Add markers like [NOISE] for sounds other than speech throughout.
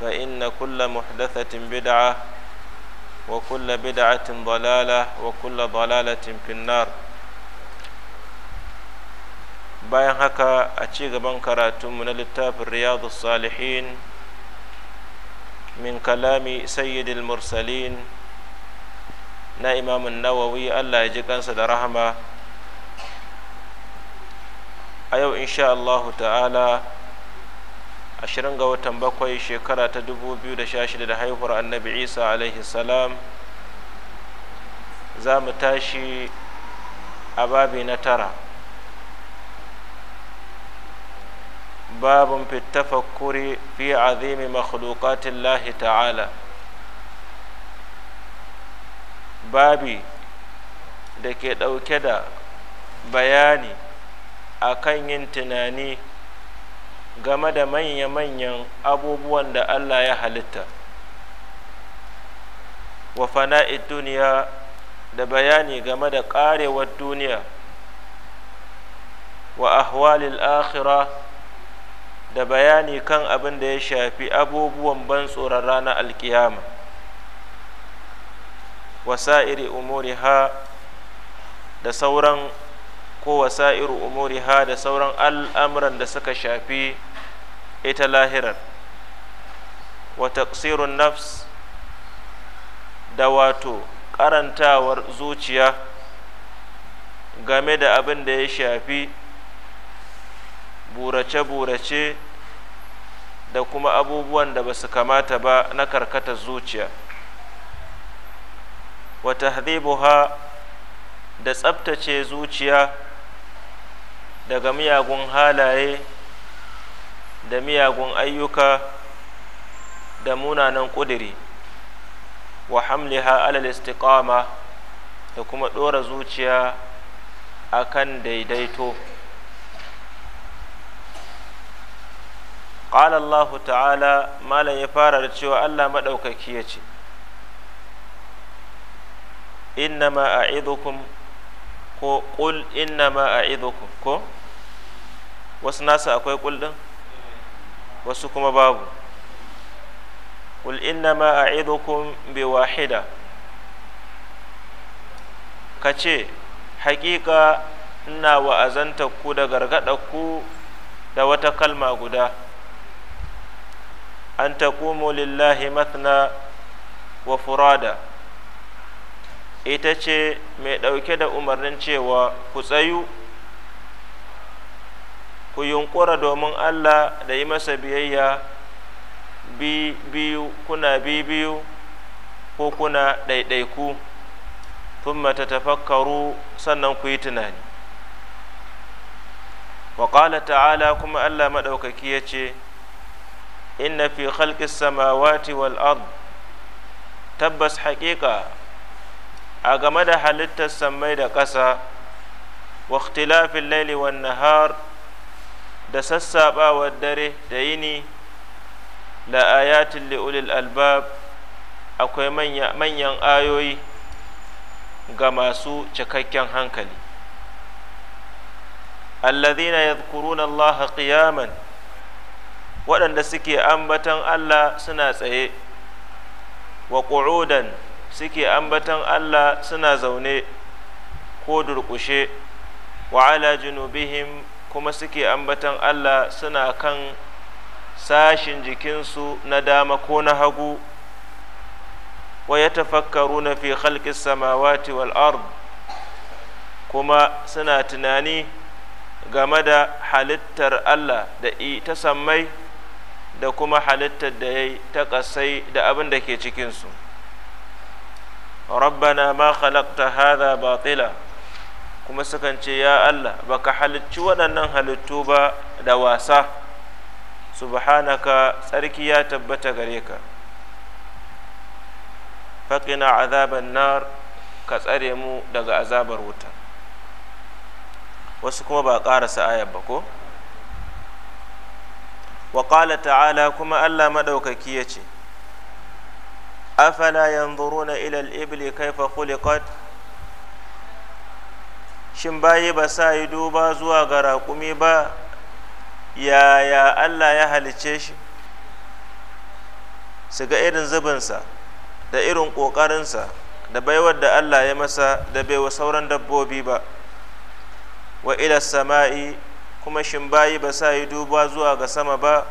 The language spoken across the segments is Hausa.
فإن كل محدثة بدعة وكل بدعة ضلالة وكل ضلالة في النار bayan haka a ci gaban karatunmu na littafin riyadu salihin min kalami sayyidil mursalin na imamun nawawi allah ya ji kansa da rahama a yau insha allahu ta'ala ashirin ga watan bakwai shekara ta dubu biyu da sha shida da haihuwar annabi isa alaihi salam za mu tashi a babi na tara babin fitafakkuri fi azimi makhluqatin lahi ta'ala babi da ke ɗauke da bayani akan yin tunani game da manya-manyan abubuwan da Allah ya halitta wa fana'id duniya da bayani game da ƙarewar duniya wa ahwalil akhira da bayani kan abin da ya shafi abubuwan ban tsoron ranar alkiyama umuri ha da sauran ko umuri ha da sauran al'amuran da suka shafi ita lahirar wa taqsirun nafs da wato karantawar zuciya game da abin da ya shafi burace-burace da kuma abubuwan da ba su kamata ba na karkatar zuciya wa tahdhibuha da tsabtace zuciya daga miyagun halaye da miyagun ayyuka da munanan ƙudiri wa hamliha alal istiqama da kuma ɗora zuciya a kan daidaito ƙalallahu ta'ala malam ya fara da cewa allah maɗaukaki ya ce innama a idukun ko ƙul innama a idukun ko wasu nasa akwai ƙul ɗin? wasu kuma babu qul ido a'idukum bi wahida ce haƙiƙa ina wa'azanta ku da gargaɗa ku da wata kalma guda an taqumu lillahi mathna wa furada ita ce mai ɗauke da umarnin cewa ku tsayu ku yunƙura domin Allah da yi masa biyayya biyu kuna biyu ko kuna ɗaiɗaiku mata tafakkaru sannan ku yi tunani waƙala ta'ala kuma Allah maɗaukaki ya ce inna fi khalqis samawati wal ard tabbas haƙiƙa a game da halittar samai da ƙasa wa ikhtilafin laili wan nahar da sassaɓawar dare da yini la ayatin li'ulil albab akwai manyan ayoyi ga masu cikakken hankali allazina yadhkuruna allaha qiyaman waɗanda suke ambatan allah suna tsaye wa qu'udan suke ambatan allah suna zaune ko durƙushe wa ala junubihim kuma suke ambatan Allah suna kan sashin jikinsu na dama ko na hagu wa ya tafakkaru na fi khalqis samawati wal ard kuma suna tunani game da halittar Allah da ta sammai da kuma halittar da ya yi ta ƙasai da abin da ke cikinsu rabbana ma khalaqta hadha batila kuma sukan ce ya Allah baka halicci waɗannan halittu ba da wasa subhanaka tsarki ya tabbata gare ka faƙina azabar nar ka tsare mu daga azabar wuta wasu kuma ba ƙarasa ayar ba ko wa ƙala ta'ala kuma Allah maɗaukaki ya ce afala yanzuruna ilal al-ibli kaifa khuliqat shin yi ba sa yi duba zuwa ga raƙumi ba yaya allah ya halice shi su ga irin zubinsa da irin ƙoƙarinsa da baiwar da allah ya masa da baiwa sauran dabbobi ba wa ila sama'i kuma shin yi ba sa yi duba zuwa ga sama ba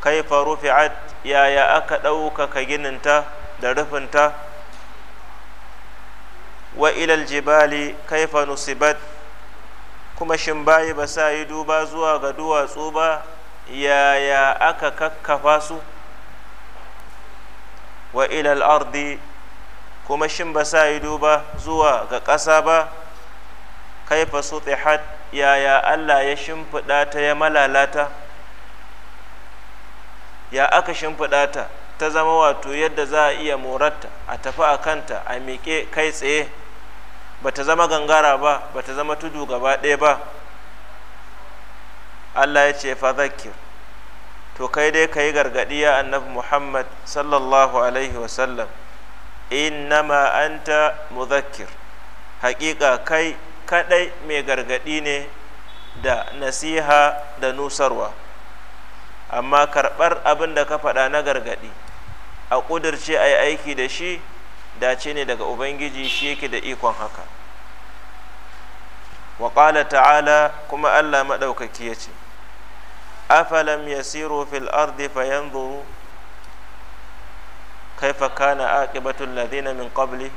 kai rufi'at yaya aka ɗaukaka gininta da rufinta wa ilal jibali kaifa nusibat kuma shin bayi ba sa yi duba zuwa ga duwatsu ba yaya aka kakkafa su wa ilal ardi kuma shin ba sa yi duba zuwa ga ƙasa ba kaifa sutihat yaya Allah ya shimfiɗa ta ya malalata ya aka shimfiɗa ta ta zama wato yadda za a iya morarta a tafi a kanta a miƙe kai tsaye bata zama gangara ba bata zama tudu gaba ɗaya ba Allah ya ce fadhakir to kai dai ka yi gargaɗi ya annabi muhammad sallallahu alaihi wasallam innama anta mudhakkir haƙiƙa kai kaɗai mai gargaɗi ne da nasiha da nusarwa amma karɓar abin da ka faɗa na gargaɗi a ƙudurce a yi aiki da shi dace ne daga ubangiji shi yake da ikon haka wa ƙala ta'ala kuma allah maɗaukaki ya ce afalam yasiru fil ardi fayanzuru kaifa kana aqibatul ladina min qabli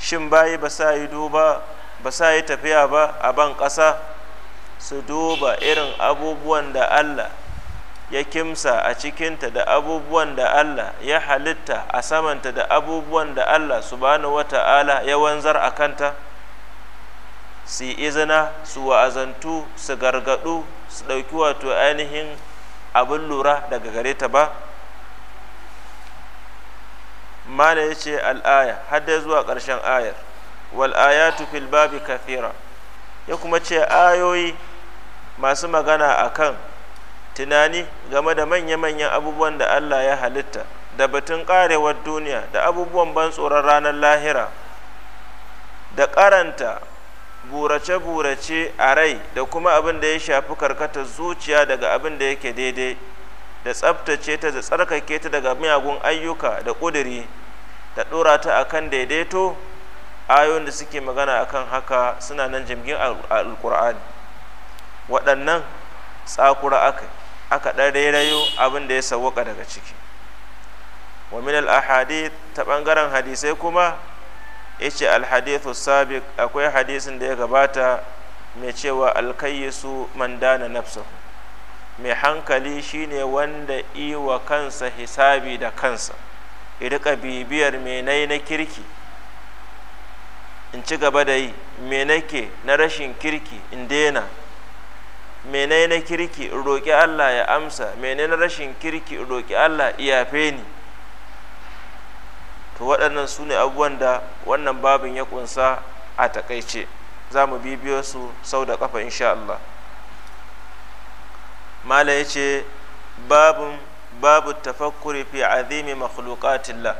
shin bayi ba yi duba ba sa yi tafiya ba a ban ƙasa su duba irin abubuwan da allah ya kimsa a cikinta da abubuwan da Allah ya halitta a samanta da abubuwan da Allah subhanahu ta'ala ya wanzar a kanta su izina su wa'azantu su gargadu su ɗauki wato ainihin abin lura daga gare ta ba mala ya ce al'aya hadda zuwa ƙarshen ayar wal ayatu fil babi kafira ya kuma ce ayoyi masu magana a kan. tunani game da manya-manyan abubuwan da Allah ya halitta da batun karewar duniya da abubuwan ban tsoron ranar lahira da karanta burace-burace a rai da kuma abin da ya shafi karkatar zuciya daga abin da yake daidai da tsabtace ta da tsarkake ta daga miyagun ayyuka da ƙuduri da ɗora ta kan daidaito ayoyin da suke magana a kan haka suna nan jimgin alƙur'ani waɗannan tsakura aka aka ɗan rairayo abin da ya sawwaka daga ciki wa min ta ɓangaren hadisai kuma yace ce hadithu sabiq akwai hadisin da ya gabata mai cewa alkayyisu mandana na nafsahu mai hankali shine wanda iwa kansa hisabi da kansa irika bibiyar menai na kirki in ci gaba da yi me nake na rashin kirki in daina menene kirki in roƙi Allah ya amsa menene rashin kirki in roƙi Allah iyafe ni to waɗannan su ne abubuwan da wannan babin ya ƙunsa a taƙaice za mu bibiyo su sau da ƙafa insha Allah mala ya ce babin babu tafakkuri fi azimi makhluqatillah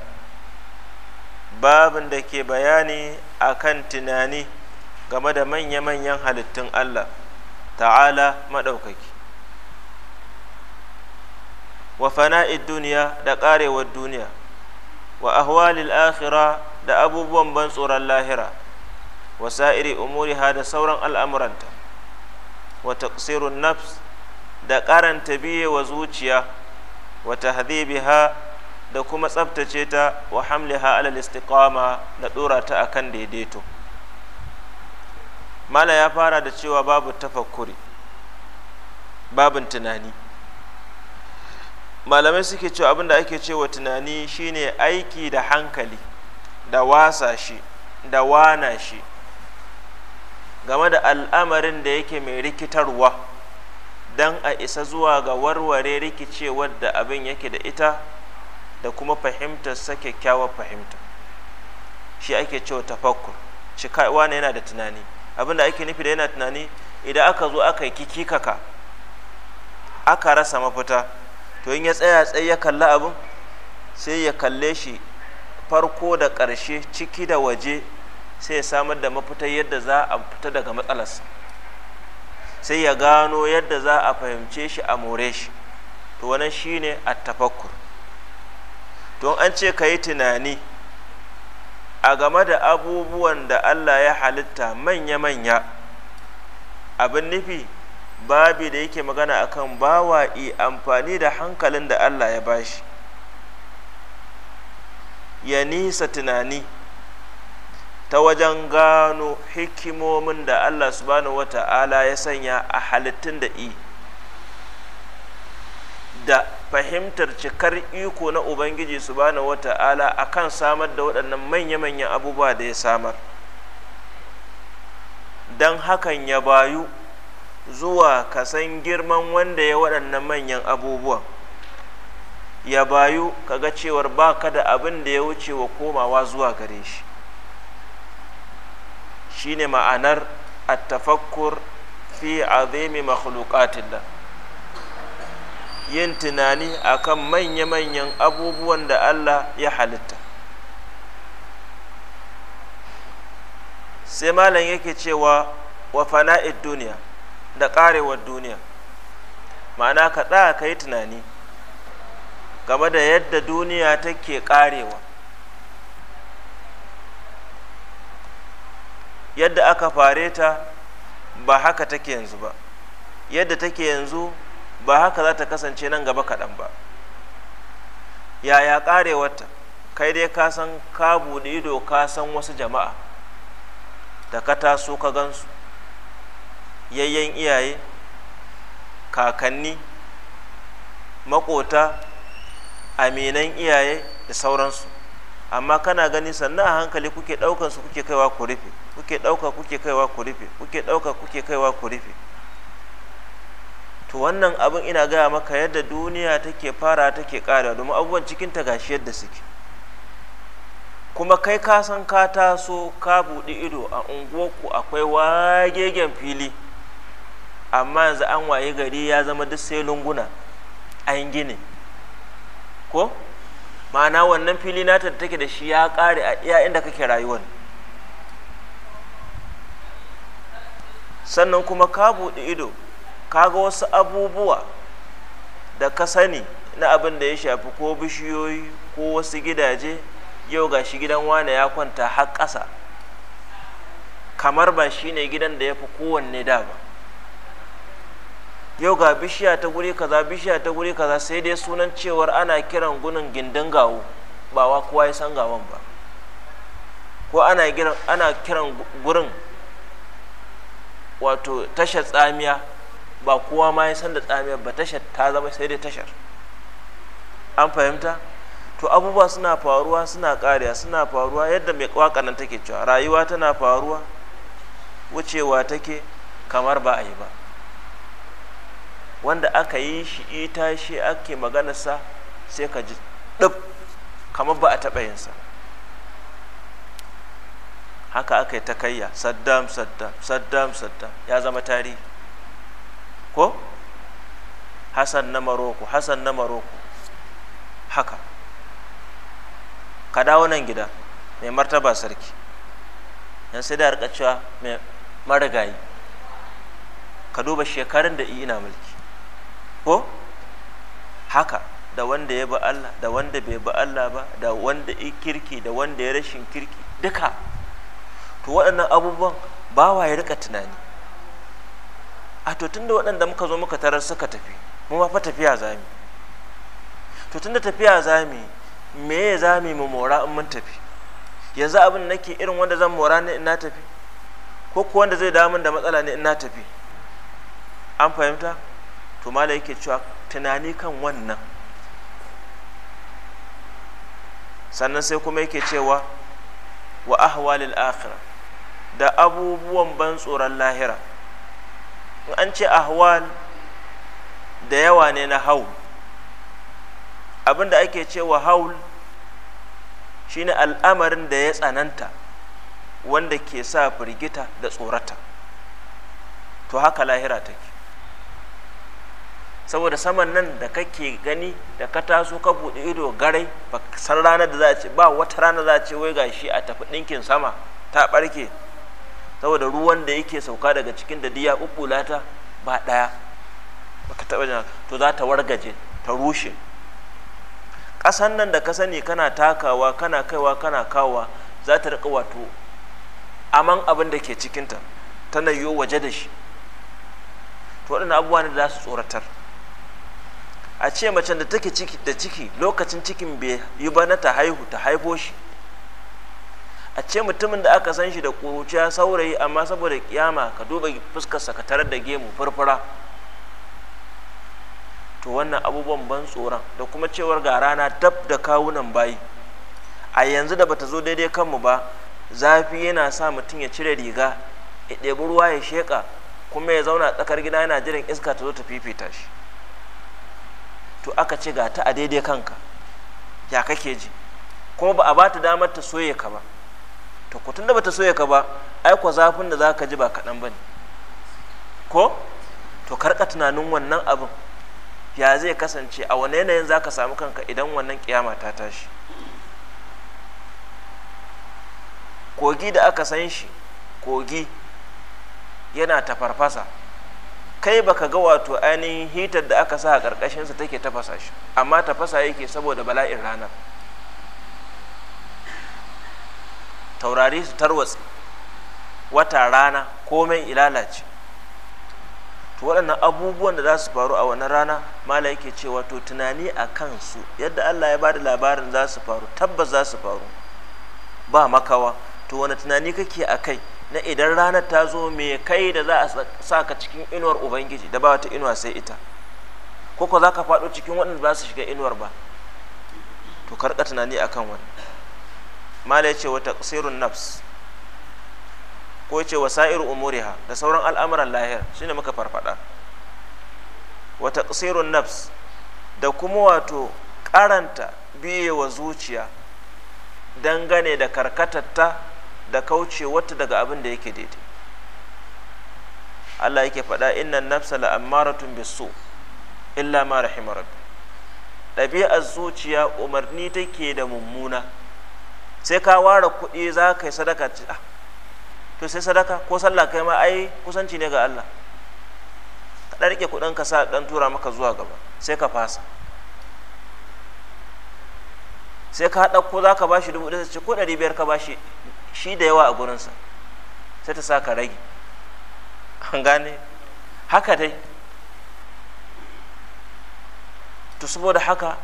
babin da ke bayani a kan tunani game da manya-manyan halittun Allah ta'ala maɗaukaki wa fana'id duniya da ƙarewar duniya wa ahwalil akhira da abubuwan ban tsoron lahira wa sa'iri umuriha da sauran al'amuranta wa taqsirun nafs da ƙaranta biye wa zuciya wa tahdhibiha da kuma tsaftace ta wa hamliha alal istiqama da ɗora ta akan daidaito mala ya fara da cewa babu tafakkuri babin tunani malamai suke cewa abinda ake cewa tunani shine aiki da hankali da wasa shi da wana shi game da al'amarin da yake mai rikitarwa don a isa zuwa ga warware rikicewar da abin yake da ita da kuma sa kyakkyawar fahimta shi ake cewa tafakkur shi ne yana da tunani abin da ake nufi da yana tunani idan aka zo aka yi kikikaka aka rasa mafita to in ya tsaya tsaye ya kalli abin sai ya kalle shi farko da ƙarshe ciki da waje sai ya samar da mafita yadda za a fita daga matsalarsa sai ya gano yadda za a fahimce shi a more shi to wannan shine a tafakkur to an ce ka yi tunani a game da abubuwan da Allah ya halitta manya-manya abin nufi babi da yake magana akan bawa amfani da hankalin da Allah ya bashi ya nisa tunani ta wajen gano hikimomin da Allah subhanahu wata'ala ya sanya a halittun da i da fahimtar cikar iko na ubangiji su bani wata'ala a kan samar da waɗannan manya-manyan abubuwa da ya samar don hakan ya bayu zuwa kasan girman wanda ya waɗannan manyan abubuwan ya bayu ka ga cewar ba ka da abin da ya wuce wa komawa zuwa gare shi shine ma'anar a tafakkur fi azimi makhluqatillah yin tunani akan manya-manyan abubuwan da Allah ya halitta sai malam yake cewa wa fana'id duniya da karewar duniya ma'ana ka tsaya ka yi tunani game da yadda duniya take karewa yadda aka fare ta ba haka take yanzu ba yadda take yanzu ba haka za ta kasance nan gaba kaɗan ba yaya ƙarewarta kai dai ka san ka buɗe ido ka san wasu jama'a da ka taso ka gansu yayyen iyaye kakanni makota aminan iyaye da sauransu amma kana gani sannan a hankali kuke ɗaukansu kuke kaiwa ku rufe kuke ɗauka kuke kaiwa ku rufe kuke ɗauka kuke kaiwa ku rufe to wannan abin ina gaya maka yadda duniya take fara take ƙara domin abubuwan cikin ta gashi yadda suke kuma kai ka san ka taso ka buɗi ido a unguwarku akwai wagegen fili amma yanzu an waye gari ya zama duk sai lunguna an gini ko ma'ana wannan fili nata da take da shi ya kare a iya inda kake rayuwa. sannan kuma ka buɗe ido kaga wasu abubuwa da ka sani na abin da ya shafi ko bishiyoyi ko wasu gidaje yau ga shi gidan wane ya kwanta har ƙasa kamar ba shi ne gidan da ya fi kowanne da ba yau ga bishiya ta guri kaza bishiya ta guri kaza sai dai sunan cewar ana kiran gunin gindin gawo ba wa kowa ya san gawon ba ko ana kiran gurin wato tashar tsamiya ba kowa ma ya san da tsamiyar ba tashar ta zama sai dai tashar an fahimta to abubuwa suna faruwa suna ƙariya suna faruwa yadda mai kwakanan take cewa rayuwa tana faruwa wucewa take kamar ba a yi ba wanda aka yi shi ita shi ake maganarsa sai ka ji ɗab kamar ba a taɓa yinsa haka aka yi ta kayya saddam saddam saddam saddam ya zama tarihi ko hasan na maroko hasan na maroko haka ka dawo nan gida mai martaba sarki yan sai da harka cewa mai marigayi ka duba shekarun da ina mulki ko haka da wanda ya ba Allah da wanda bai ba Allah ba da wanda ya kirki da wanda ya rashin kirki duka to waɗannan abubuwan ba wa ya rika tunani a to tunda waɗanda muka zo muka tarar suka tafi mu ba fa tafiya zami to tunda tafiya zami me ya zami mu mora in mun tafi yanzu abin nake irin wanda zan mora ne in na tafi ko ko wanda zai damun da matsala ne in na tafi an fahimta to mala yake cewa tunani kan wannan sannan sai kuma yake cewa wa ahwalil akhirah da abubuwan ban tsoron lahira in an ce ahwal da yawa ne na haul abinda ake cewa haul shine al'amarin da ya tsananta wanda ke sa firgita da tsorata to haka lahira take saboda saman nan da kake gani da ka taso ka buɗe ido garai ba san rana da za a ce ba wata rana za a ce wai gashi a tafi ɗinkin sama ta ɓarke saboda ruwan da yake sauka daga cikin da diya lata ba ɗaya baka taba jin to za ta wargaje ta rushe ƙasan nan da ka sani kana takawa kana kaiwa kana kawa za ta rika wato aman abin da ke cikinta tana yiwo waje da shi to wadannan abubuwa ne da za su tsoratar a ce macen da take ciki da ciki lokacin cikin bai yi ba na ta haihu ta haifo shi a ce mutumin da aka san shi da kuruciya saurayi amma saboda kiyama ka duba fuskarsa ka tarar da gemu furfura to wannan abubuwan ban tsoron da kuma cewar ga rana dab da kawunan bayi a yanzu da bata zo daidai kanmu ba zafi yana sa mutum ya cire riga ya ɗebi ruwa ya sheƙa kuma ya zauna tsakar gida yana jiran iska ta zo ta fifita shi to aka ce ga ta a daidai kanka ya kake ji kuma ba a ba ta damar ta soye ka ba to ku tunda bata soya ka ba ai ko zafin da zaka ji ba kaɗan ba ne ko to karka tunanin wannan abin ya zai kasance a wani yanayin zaka samu kanka idan wannan kiyama ta tashi kogi da aka san shi kogi yana ta farfasa kai baka ga wato ainihin hitar da aka sa a ƙarƙashinsa take tafasa shi amma tafasa yake saboda bala'in ranar taurari su tarwatse wata rana komai ilalace to waɗannan abubuwan da za su faru a wannan rana mala yake cewa to tunani a kansu yadda allah ya ba da labarin za su faru tabbas za su faru ba makawa to wani tunani kake a kai na idan ranar ta zo me kai da za a sa ka cikin inuwar ubangiji da ba wata inuwa sai ita ko ko za ka faɗo cikin waɗanda ba su shiga inuwar ba to karka tunani akan wannan mala ce wa taqsirun nafs ko ce wa sa'ir umuriha da sauran al'amuran lahira shine muka farfada wa taqsirun nafs da kuma wato karanta wa zuciya dangane da karkatatta da kauce wata daga abin da yake daidai Allah yake faɗa innan nafsa la'ammaratun bisu illa ma rahimar ɗabi'ar zuciya umarni take da mummuna sai ka ware kuɗi za ka yi sadaka ah, to sai sadaka ko sallah kai ma ai kusanci ne ga Allah ka ɗan rike kuɗin ka sa ɗan tura maka zuwa gaba sai ka fasa sai ka ko za ka bashi dubu ɗaya ce ko ɗari biyar ka bashi shi da yawa a gurinsa sai ta sa ka rage an gane haka dai to saboda haka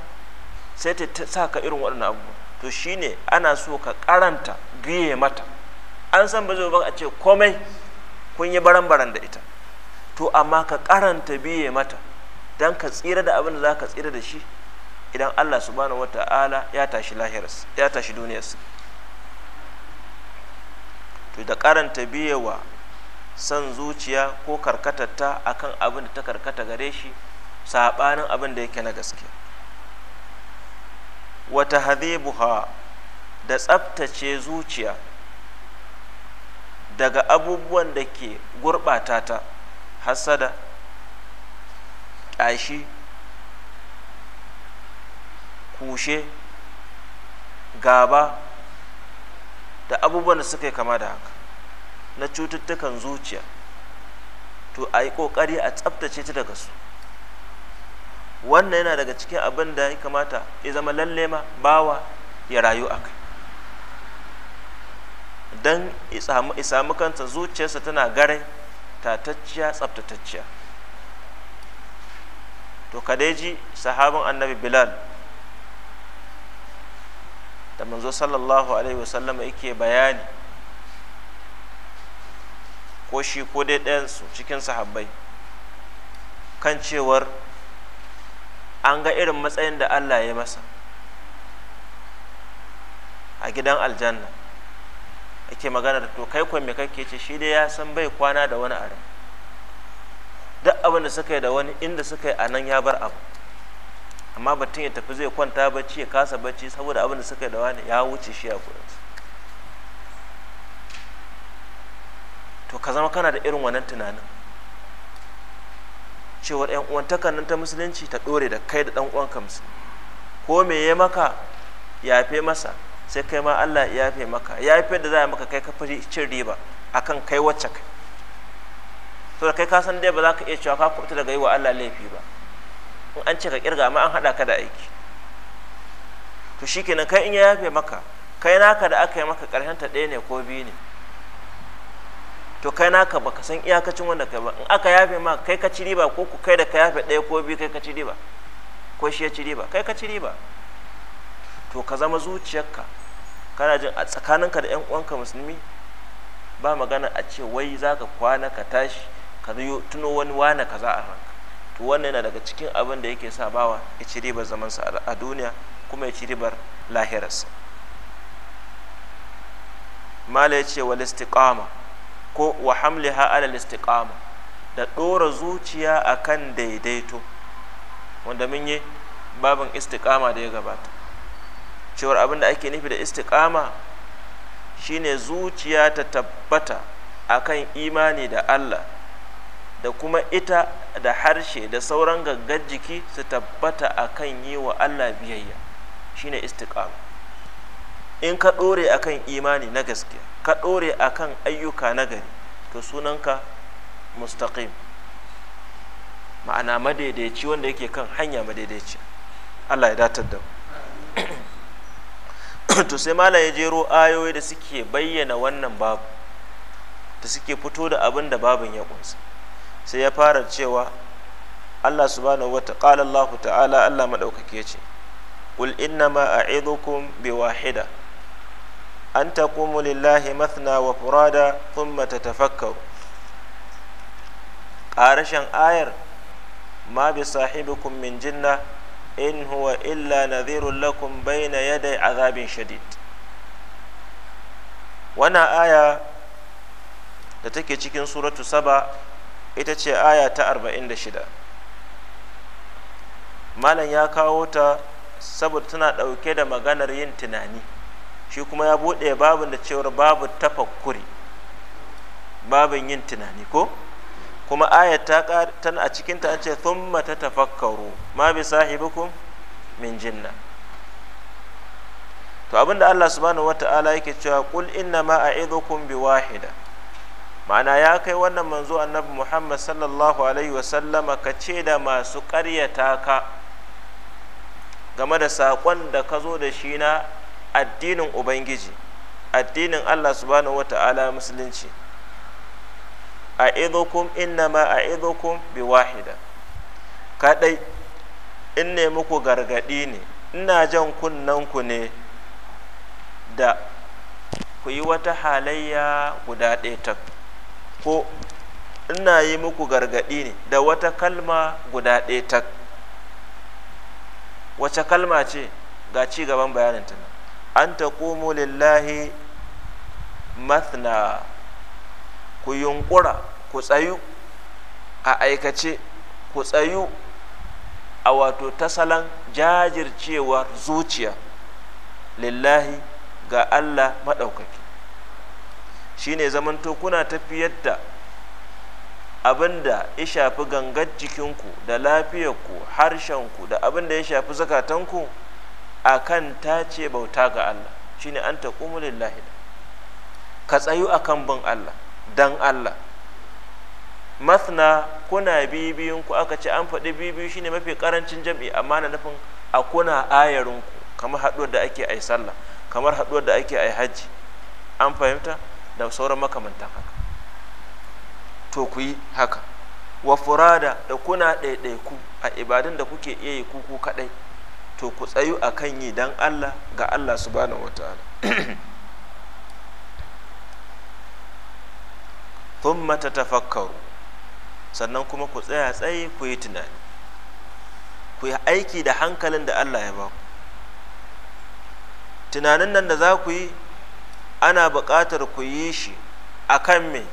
sai ta sa ka irin waɗannan abubuwa to shine ana so ka karanta biye mata an san ba zo ba a ce komai kun yi baran-baran da ita to amma ka karanta biye mata don ka tsira da abin da za ka tsira da shi idan allah subhanahu wa ta'ala ya tashi lahiras ya tashi duniyarsa to da karanta biye wa san zuciya ko karkatatta akan abin da ta karkata gare shi saɓanin abin da yake na gaskiya Wata wa tahdhibuha da tsabtace zuciya daga abubuwan da ke gurɓata ta hasada ƙyashi kushe gaba da abubuwan da suka yi kama da haka na cututtukan zuciya to a yi ƙoƙari a tsabtace ta daga su wannan yana daga cikin abin da ya kamata ya zama lalle ma bawa ya rayu a kai don ya samu zuciyarsa tana garai tatacciya tsabtatacciya to kadeji sahabin annabi bilal da manzo sallallahu alaihi wasallama yake bayani ko shi ko dai su cikin sahabbai kan cewar an ga irin matsayin da Allah ya masa a gidan aljanna ake magana da to kai me kake ce shi dai ya san bai kwana da wani arin duk abin da suka yi da wani inda suka yi a nan ya bar abu amma batun ya tafi zai kwanta bacci ya kasa bacci saboda abin da suka yi da wani ya wuce shi a su to ka zama kana da irin wannan tunanin cewar yan uwantakan nan ta musulunci ta ɗore da kai da dan uwanka ka ko me ya maka yafe masa sai kai ma Allah ya yafe maka yafe da za a maka kai ka fi cin riba akan kai wacce kai to da kai ka san dai ba za ka iya cewa ka kuɓuta daga yi wa Allah laifi ba in an ce ka kirga amma an haɗa ka da aiki to shi kenan kai in ya yafe maka kai naka da aka yi maka ƙarshen ta ɗaya ne ko biyu ne to kai naka baka san iyakacin wanda kai ba in aka yafe ma kai ka ci riba ko ku kai da ka yafe ɗaya ko biyu kai ka ci riba ko shi ya ci riba kai ka ci riba to ka zama zuciyarka kana jin a tsakaninka da 'yan uwanka musulmi ba magana a ce wai za ka kwana ka tashi ka tuno wani wane kaza a ranka to wannan yana daga cikin abin da yake sa bawa ya ci ribar zamansa a duniya kuma ya ci ribar lahirarsa mala ya ce wal istiqama ko wa hamliha alal istiqama da ɗora zuciya akan daidaito wanda mun yi babin istiqama da ya gabata cewar abin da ake nufi da istiqama shine zuciya ta tabbata akan imani da Allah da kuma ita da harshe da sauran gaggar jiki su tabbata akan yi wa Allah biyayya shine istiqama in ka ɗore akan imani na gaske ka ɗore akan ayyuka na gari to sunanka mustaqim ma'ana madaidaici wanda yake kan hanya madaidaici allah ya datar da [CLEARS THROAT] to sai mala ya jero ayoyi da suke bayyana wannan babu da suke fito da abin da babin ya kunsa sai ya fara cewa allah subhanahu wa ta'ala allah ta'ala allah maɗaukake ce qul innama a'idukum bai wahida an taqumu lillahi mathna wa furada thumma tafakkau ƙarashen ayar ma bi sahibikum min jinna in huwa illa nadhirun lakum bayna a azabin shadid wana aya da take cikin suratu saba ita ce aya ta arba'in da shida. malam ya kawo ta saboda tana ɗauke da maganar yin tunani shi kuma ya buɗe babin da cewar babu tafakkuri babin yin tunani ko kuma ayat ta tana a cikin ta an ce thumma ta tafakkaru ma bi sahibikum min jinna to abinda Allah subhanahu wata'ala yake cewa qul inna ma a'idhukum bi wahida ma'ana ya kai wannan manzo annabi Muhammad sallallahu alaihi wa sallama ka ce da masu ƙaryata ka game da sakon da ka zo da shi na addinin ubangiji addinin allah subhanahu wata'ala musulunci a idokun innama a idokun bi wahida kadai in ne muku gargadi ne ina jan kunnanku ne da ku yi wata halayya guda ɗaya ko ina yi muku gargaɗi ne da wata kalma guda ɗaya wace kalma ce ga ci gaban bayanin tunan an ta komo lillahi mathna ku yunkura ku tsayu a aikace ku tsayu a wato tasalan jajircewar zuciya lillahi ga Allah maɗaukaki shine zamanto kuna tafiyar da abin da ya shafi gangar jikinku da lafiyarku harshenku da abin da ya shafi zakatanku akan ce bauta ga Allah shine an taqumu lillahi ka tsayu akan bin Allah dan Allah mafina kuna bibiyun ku aka ce an faɗi bibiyu shine mafi karancin jam'i amma na nufin a kuna ayarin ku kamar haɗuwar da ake ai sallah kamar haɗuwar da ake ai hajji an fahimta da sauran makamantan haka to ku yi haka wa furada da kuna ɗaiɗaiku a ibadun da kuke iya yi kuku kaɗai to ku tsayu a kan yi don allah ga allah su subhanahu wataala [CLEARS THROAT] ta tafakkaru sannan kuma ku tsaya tsaye ku yi tunani ku yi aiki da hankalin da allah ya ba ku tunanin nan da za ku yi ana buƙatar ku yi shi a kan mai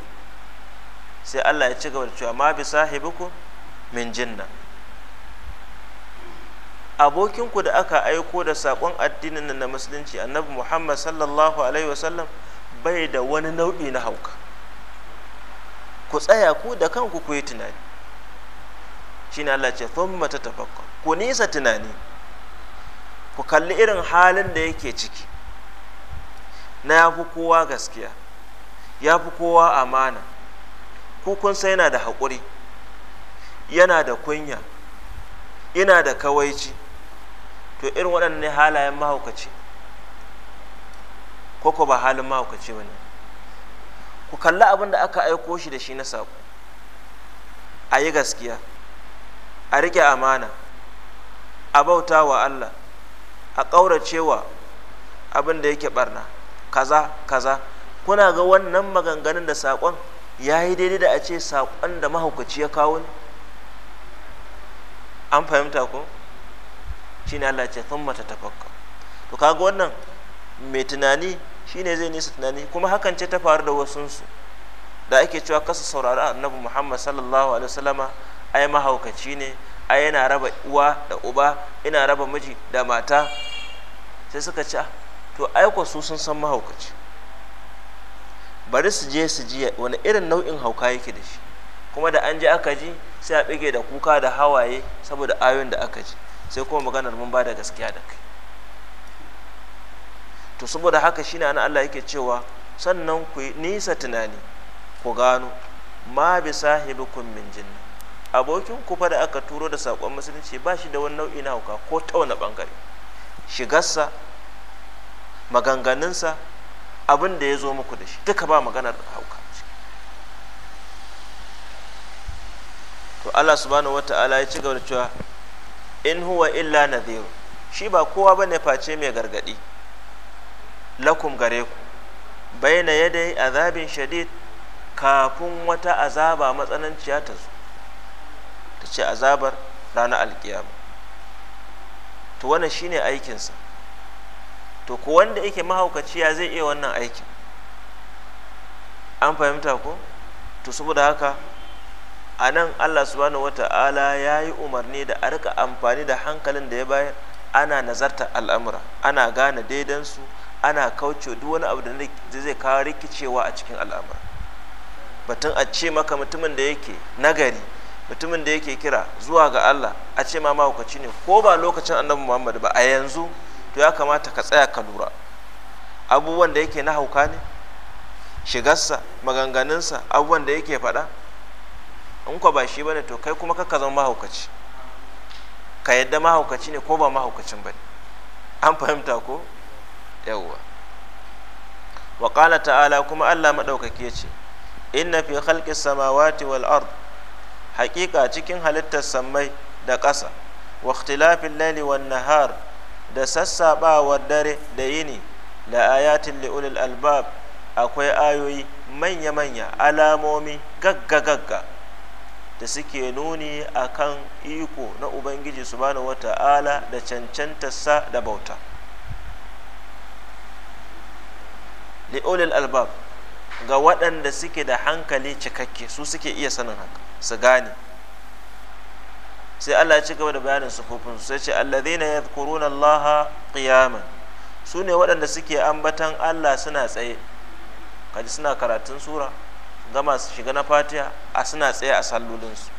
sai allah ya ci gaba da cewa ma bi sahibiku min jinnan abokinku da aka aiko da saƙon addinin nan na musulunci annabi muhammad sallallahu alaihi wasallam bai da wani nau'i na hauka ku tsaya ku da kanku ku yi tunani shi ne allah ce ta tafakka ku nisa tunani ku kalli irin halin da yake ciki na ya fi kowa gaskiya ya fi kowa amana ku kun sai yana da haƙuri yana da kunya ina da kawaici to irin waɗannan halayen mahaukaci ko ko ba halin mahaukaci ba ne ku kalla abin da aka aiko shi da shi na saƙo a yi gaskiya a riƙe amana a bauta wa allah a ƙauracewa abin da yake barna kaza kaza kuna ga wannan maganganun da saƙon ya yi daidai da a ce saƙon da mahaukaci ya kawo ne an fahimta ku? shine Allah ce mata tafakka to kaga wannan mai tunani shine zai nisa tunani kuma hakan ce ta faru da wasunsu da ake cewa kasa saurari annabi Muhammad sallallahu alaihi wasallama ai mahaukaci ne ai yana raba uwa da uba ina raba miji da mata sai suka ce ah, to aiko su sun san mahaukaci bari su je su ji wani irin nau'in hauka yake da shi kuma da an ji aka ji sai a bige da kuka da hawaye saboda ayoyin da aka ji sai kuma maganar mun ba da gaskiya da kai to saboda haka shine ana Allah yake cewa sannan ku nisa tunani ku gano ma bi sahibukum min jinna abokin ku fa da aka turo da sakon musulunci ba shi da wani nau'i na hauka ko ta wani bangare shigarsa maganganunsa abin da ya zo muku da shi duka ba maganar hauka to Allah subhanahu wata'ala ya ci gaba da cewa in huwa illa nadhiru shi ba kowa bane face mai gargadi lakum gare ku baina yadai azabin shadid kafin wata azaba matsananciya ta zo ta ce azabar ranar alkiyama to wannan shine aikinsa to ko wanda yake mahaukaciya zai iya wannan aikin an fahimta ko to saboda haka a nan allah subhanahu wata'ala ya yi umarni da a rika amfani da hankalin da ya bayar ana nazarta al'amura ana gane daidansu ana kauce duk wani abu da zai kawo rikicewa a cikin al'amura batun a ce maka mutumin da yake nagari mutumin da yake kira zuwa ga allah a ce ma mahaukaci ne ko ba lokacin annabi muhammad ba a yanzu to ya kamata ka tsaya ka lura abubuwan da yake na hauka ne shigarsa maganganunsa abubuwan da yake faɗa in kwa ba shi bane to kai kuma kakka zama mahaukaci ka yadda mahaukaci ne ko ba mahaukacin bane an fahimta ko yawwa wa qala ta'ala kuma Allah madaukaki yace inna fi khalqis samawati wal ard haƙiƙa cikin halittar sammai da ƙasa wa ikhtilafil layli wan nahar da sassabawar dare da yini la ayatin li ulil albab akwai ayoyi manya-manya alamomi gagga-gagga da suke nuni a kan iko na ubangiji su subhanahu wata'ala da cancantarsa da bauta li'ulil albab ga waɗanda suke da hankali cikakke su suke iya sanin haka su gane sai Allah ya ci gaba da bayanin sufofin sai ce ya yadhkuruna Allah qiyaman su ne waɗanda suke ambatan Allah suna tsaye kaji suna karatun sura gama su shiga na fatiha a suna tsaye a sallolinsu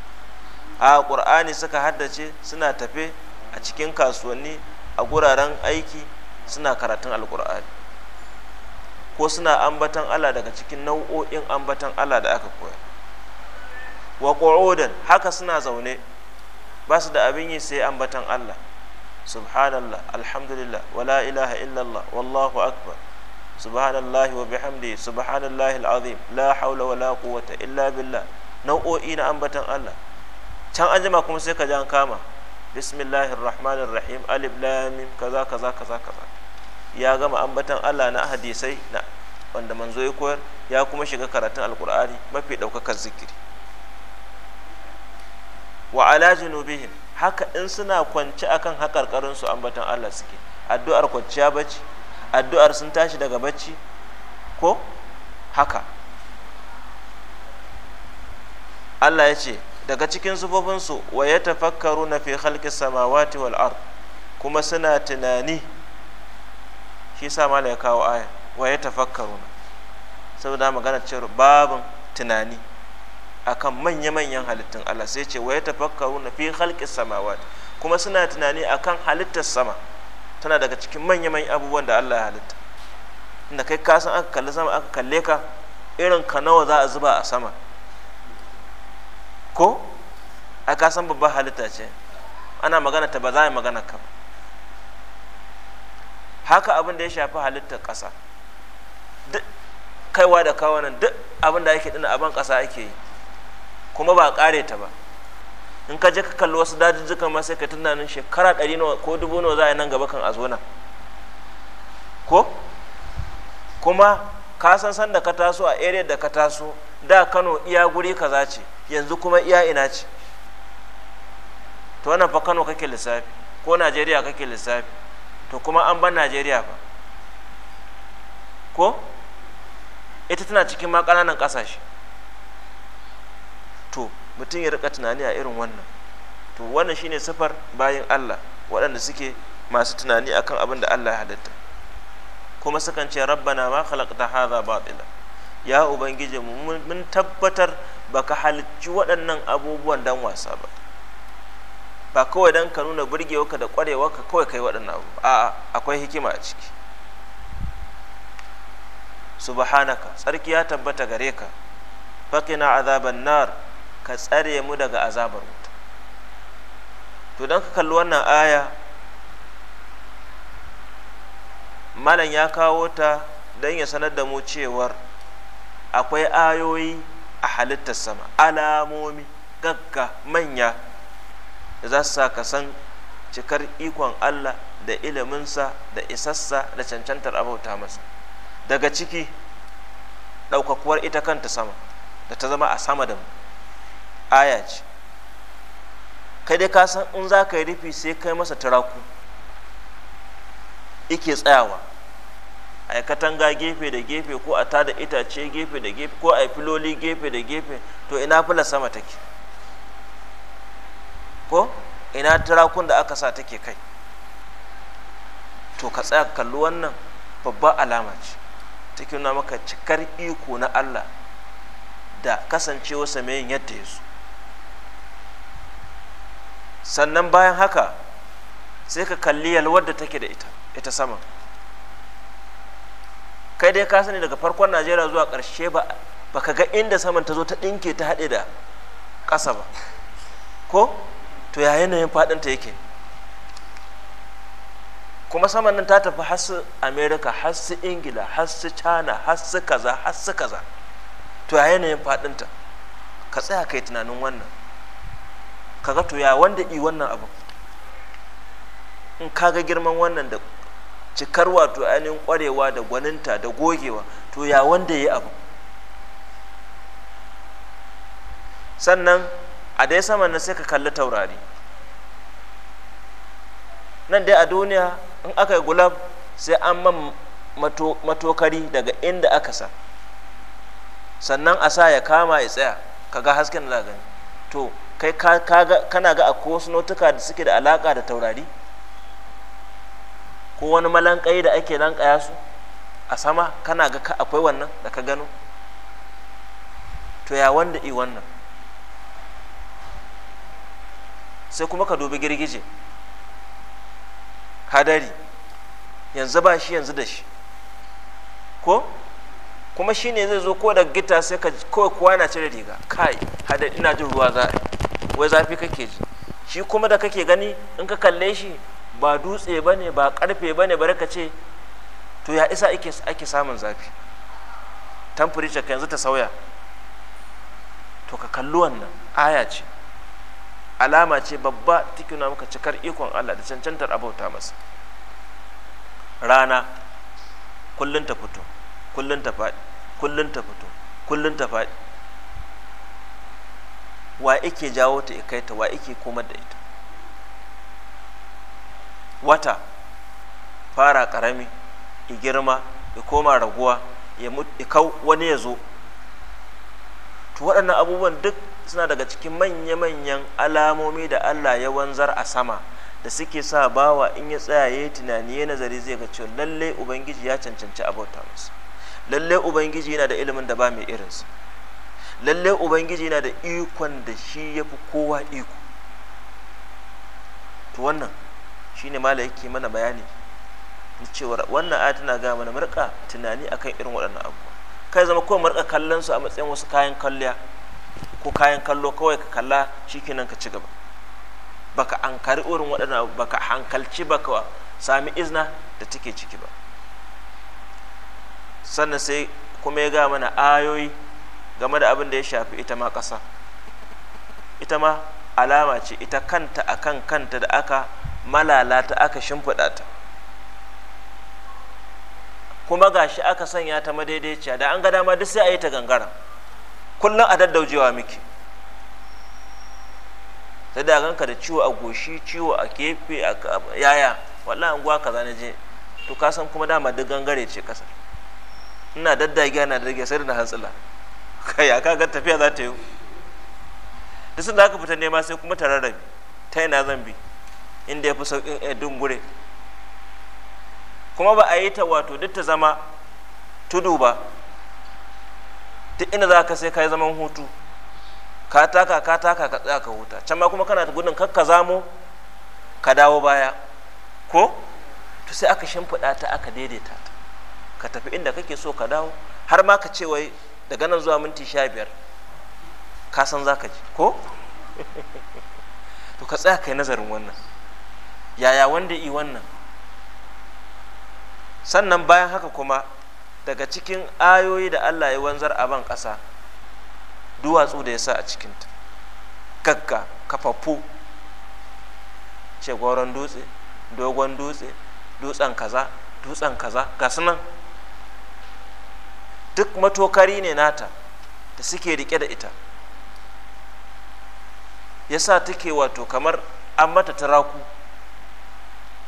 a ƙur'ani suka haddace suna tafe a cikin kasuwanni a guraren aiki suna karatun alƙur'ani ko suna ambatan allah daga cikin nau'o'in ambatan allah da aka koya wa ƙo'odan haka suna zaune ba su da abin yi sai ambatan allah subhanallah alhamdulillah wala ilaha illallah wallahu akbar subhanallahi wa bihamdi subhanallahi alazim la haula wala quwwata illa billah nau'o'i na ambatan Allah can anjima kuma sai ka jan kama bismillahir rahmanir rahim alif lam mim kaza kaza kaza kaza ya gama ambatan Allah na hadisai na wanda manzo ya koyar ya kuma shiga karatun alkur'ani mafi daukakar zikiri wa ala haka in suna kwance akan hakarkarin su ambatan Allah suke addu'ar kwanciya bacci addu'ar sun tashi daga bacci ko haka Allah ya ce daga cikin sufofinsu wa ya tafakkaru na fi halki samawati wal ard kuma suna tunani shi sa mala ya kawo aya wa ya tafakkaru na saboda magana cewa babin tunani akan manya-manyan halittun Allah sai ce wa ya tafakkaru na fi halki samawati kuma suna tunani akan halittar sama tana daga cikin manya-manyan abubuwan da Allah ya halitta inda kai ka san aka kalli sama aka kalle ka irin ka nawa za a zuba a sama ko a ka san babban halitta ce ana magana ta ba za a yi magana ka haka abin da ya shafi halittar ƙasa duk kaiwa da kawanan duk abin da ake dina abin ƙasa ake yi kuma ba a ƙare ta ba in ka je ka kalli wasu dajijjikan ma sai ka nan shekara ɗari ko dubu nawa za a yi nan gaba kan a zo ko kuma ka san sanda ka taso a area da ka taso da kano iya guri kaza ce yanzu kuma iya ina ce to wannan fa kano kake lissafi ko najeriya kake lissafi to kuma an ban najeriya fa ko ita tana cikin ma ƙananan ƙasashe mutum ya rika tunani a irin wannan to wannan shine safar bayan Allah waɗanda suke masu tunani akan abin da Allah ya halitta kuma sukan ce rabbana ma khalaqta hadha batila ya ubangiji mu mun tabbatar baka halicci waɗannan abubuwan dan wasa ba ba kawai dan ka nuna burgewarka da ka kawai kai waɗannan abu a'a akwai hikima a ciki subhanaka tsarki ya tabbata gare ka faqina azaban nar ka tsare mu daga azabar wuta to don ka kalli wannan aya malam ya kawo ta don ya sanar da mu cewar akwai ayoyi a halittar sama alamomi gagga manya da za su sa ka san cikar ikon Allah da iliminsa da isassa da cancantar abauta masa daga ciki ɗaukakuwar ita kanta sama da ta zama a sama da mu aya ce kai dai ka san in za ka yi rufi sai kai masa turaku ike tsayawa a yi katanga gefe da gefe ko a tada itace gefe da gefe ko a yi filoli gefe da gefe to ina fila sama take ko ina turakun da aka sa take kai to ka tsaya kalli wannan babba alama ce take nuna maka cikar iko na allah da kasancewarsa mai yin yadda ya so sannan bayan haka sai ka kalli yalwar da take da ita ita sama kai dai ka sani daga farkon najeriya zuwa karshe ba ka ga inda saman ta zo ta ɗinke ta haɗe da ƙasa ba ko to ya yanayin faɗinta yake kuma saman nan ta tafi hasu amerika america ingila hasu china hasu kaza hasu kaza to ya yanayin faɗinta ka tsaya kai tunanin wannan kaga to ya wanda i wannan abu in kaga girman wannan da cikar wato ainihin kwarewa da gwaninta da gogewa to ya wanda ya abu sannan a dai saman na sai ka kalli taurari nan dai a duniya in aka yi gulab sai an man matokari daga inda aka sa sannan a sa ya kama ya tsaya kaga hasken da to kai kana ga akwai wasu notuka da suke da alaka da taurari ko wani malankai da ake lankaya su a sama kana ga ka akwai wannan da ka gano to ya wanda i wannan sai kuma ka dubi girgije hadari yanzu ba shi yanzu da shi ko kuma shi ne zai zo ko da gita sai ka kawai kowa na cire riga kai hadari ina jin ruwa za a wai zafi kake ji shi kuma da kake gani in ka kalle shi ba dutse ba ne ba karfe ba ne bari ka ce to ya isa ake samun zafi temperature ka yanzu ta sauya to ka kalli wannan aya ce alama ce babba tikina muka cikar ikon Allah da cancantar abauta masa rana kullum ta fito kullum ta faɗi kullum ta fito kullum ta faɗi wa yake jawo ta ikaita wa yake komar da ita wata fara karami i girma i koma raguwa i kau wani ya zo to waɗannan abubuwan duk suna daga cikin manya-manyan alamomi da allah ya wanzar a sama da suke sa bawa in ya tsaya ya tunani ya nazari zai ga cewa lalle ubangiji ya cancanci abota masa lalle ubangiji yana da ilimin da ba mai irinsa lalle ubangiji yana da ikon da shi ya fi kowa iko to wannan shine mala yake mana bayani da cewar wannan aya tana ga mana murka tunani akan irin waɗannan abu kai zama kowa murka kallon su a matsayin wasu kayan kalliya ko kayan kallo kawai ka kalla nan ka ci gaba baka ankari irin waɗannan baka hankalci baka sami izna da take ciki ba sannan sai kuma ya ga mana ayoyi game da abin da ya shafi ita ma ƙasa ita ma alama ce ita kanta a kan kanta da aka malalata aka shimfiɗa ta kuma gashi aka sanya ta madaidaiciya da an ga dama duk sai a yi ta gangara kullum a daddaujewa miki ta da ganka da ciwo a goshi ciwo a kefe a yaya wallan anguwa kaza na je to ka san kuma dama duk gangare ce kasar ina daddage ana daddage sai da na hantsila kai a kaga tafiya za ta yi duk sun da aka fita nema sai kuma tararrabi ta ina zan bi inda ya fi sauƙin edin eh, gure kuma ba a yi ta wato duk ta zama tudu ba duk inda za ka sai ka yi zaman hutu ka taka ka taka ka tsaya ka huta can ma kuma kana gudun kar ka zamo ka dawo baya ko to sai aka shimfiɗa ta aka daidaita ta ka tafi inda kake so ka dawo har ma ka ce wai daga nan zuwa minti sha biyar ka san za ka ji ko [LAUGHS] to ka tsaya kai nazarin wannan yaya wanda i wannan sannan bayan haka kuma daga cikin ayoyi da allah ya wanzar a ban ƙasa duwatsu da ya sa a cikinta gagga kafafu, shagoron dutse dogon dutse dutsen kaza dutsen kaza ga nan duk matokari ne nata da suke rike da ita yasa take wato kamar an mata taraku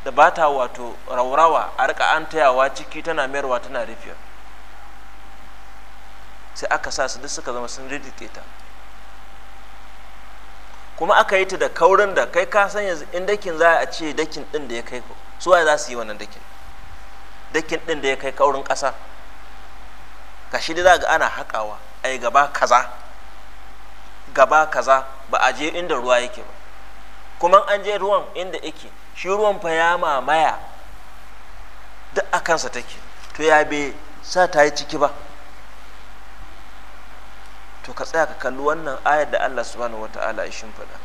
da ba ta wato raurawa a rika an tayawa ciki tana mayarwa tana rufiya sai aka sa su duk suka zama sun ridike ta kuma aka yi ta da kaurin da kai ka san yanzu in dakin za a ce dakin din da ya kai su za su yi wannan dakin dakin din da ya kai kaurin ƙasa ga shi za ga ana haƙawa ai gaba kaza gaba kaza ba a je inda ruwa yake ba kuma an je ruwan inda yake shi ruwan fa ya mamaya duk a kansa take to ya be sa ta yi ciki ba to ka tsaya ka kalli wannan ayar da Allah subhanahu ta'ala ya shimfiɗa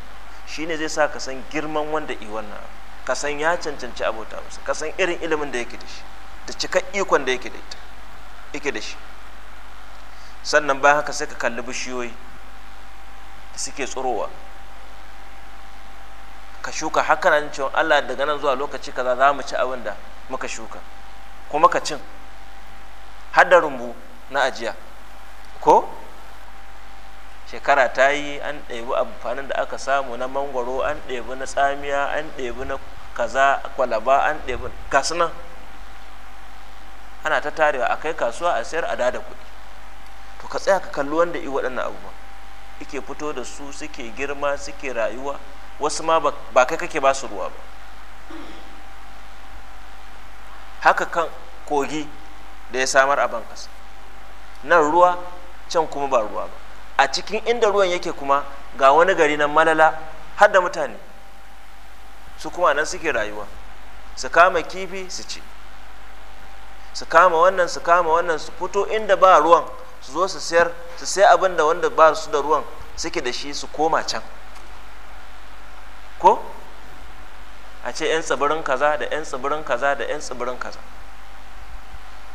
ne zai sa ka san girman wanda i wannan ka san ya cancanci abota masa ka san irin ilimin da yake da shi da cikar ikon da yake da ita yake da shi sannan bayan haka sai ka kalli bishiyoyi da suke tsurowa ka shuka haka nan cewa Allah daga nan zuwa lokaci kaza za mu ci abin da muka shuka kuma ka cin hada rumbu na ajiya ko shekara ta yi an ɗebi amfanin da aka samu na mangwaro an ɗebi na tsamiya an ɗebi na kaza kwalaba an ɗebi ana ta tarewa a kai kasuwa a sayar a dada kuɗi ka tsaya ka kalli wanda i waɗannan abubuwa ike fito da su suke girma suke rayuwa wasu ma ba kai kake ba su ruwa ba haka kan kogi da ya samar a bankas nan ruwa can kuma ba ruwa ba a cikin inda ruwan yake kuma ga wani gari nan malala har da mutane su kuma nan suke rayuwa su kama kifi su ci su kama wannan su kama wannan su fito inda ba ruwan su zo su sayar su sai abin da wanda ba su da ruwan suke da shi su koma can ko a ce 'yan tsibirin kaza da 'yan tsibirin kaza da 'yan tsibirin kaza